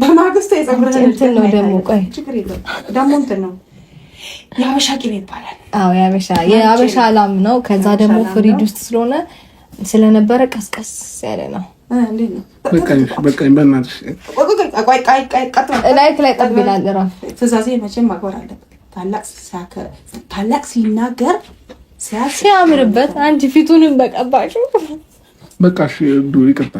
በማግስቱ ነው የአበሻ ላም ነው። ከዛ ደግሞ ፍሪጅ ውስጥ ስለሆነ ስለነበረ ቀስቀስ ያለ ነው። ላይክ ላይ ጠብ ራ እራሱ መቼም ማክበር ታላቅ ሲናገር ሲያምርበት አንቺ ፊቱንም በቀባጭ በቃ እሺ፣ ይቅርታ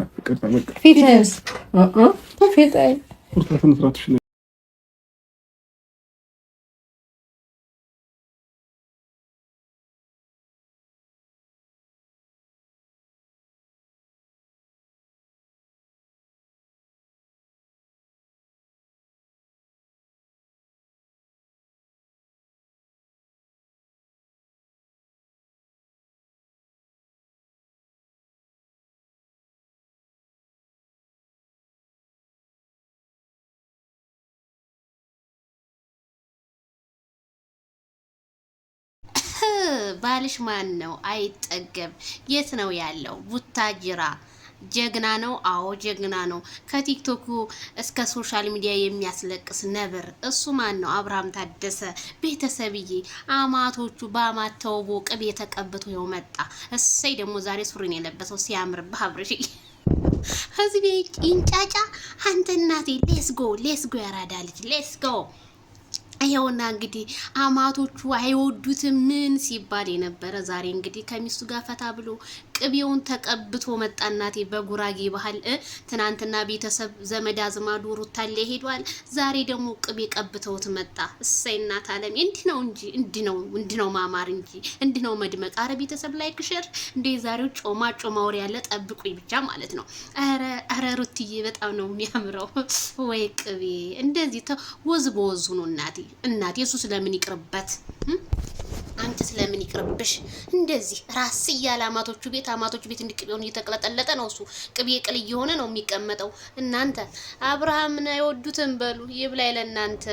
ባልሽ ማን ነው? አይጠገብ። የት ነው ያለው? ቡታጅራ። ጀግና ነው። አዎ ጀግና ነው። ከቲክቶኩ እስከ ሶሻል ሚዲያ የሚያስለቅስ ነብር። እሱ ማን ነው? አብርሃም ታደሰ። ቤተሰብዬ፣ አማቶቹ በአማት ተውቦ ቅቤ ተቀብቶ ይኸው መጣ። እሰይ ደግሞ ዛሬ ሱሪን የለበሰው ሲያምርብህ አብርሽ ህዝቤ ይንጫጫ። አንተ እናቴ ሌስጎ ሌስጎ ያራዳ ልጅ ሌስጎ ይኸውና እንግዲህ አማቶቹ አይወዱትም ምን ሲባል የነበረ ዛሬ እንግዲህ ከሚስቱ ጋር ፈታ ብሎ ቅቤውን ተቀብቶ መጣ። እናቴ በጉራጌ ባህል ትናንትና ቤተሰብ ዘመድ አዝማዱ ሩታሌ ሄዷል። ዛሬ ደግሞ ቅቤ ቀብተውት መጣ። እሰይ እናት አለም እንዲህ ነው እንጂ እንዲህ ነው እንዲህ ነው ማማር እንጂ እንዲህ ነው መድመቅ። አረ ቤተሰብ ላይክ ሼር እንደ ዛሬው ጮማ ጮማ ያለ ጠብቁኝ ብቻ ማለት ነው። አረ ሩትዬ በጣም ነው የሚያምረው። ወይ ቅቤ እንደዚህ ወዝ በወዙ ነው እናቴ እናት የሱ ስለምን ይቅርበት፣ አንቺ ስለምን ይቅርብሽ? እንደዚህ ራስ እያለ አማቶቹ ቤት አማቶቹ ቤት እንዲቅቤውን እየተቅለጠለጠ ነው እሱ ቅቤ ቅል እየሆነ ነው የሚቀመጠው። እናንተ አብርሃምን አይወዱትም በሉ ይብላይ ለእናንተ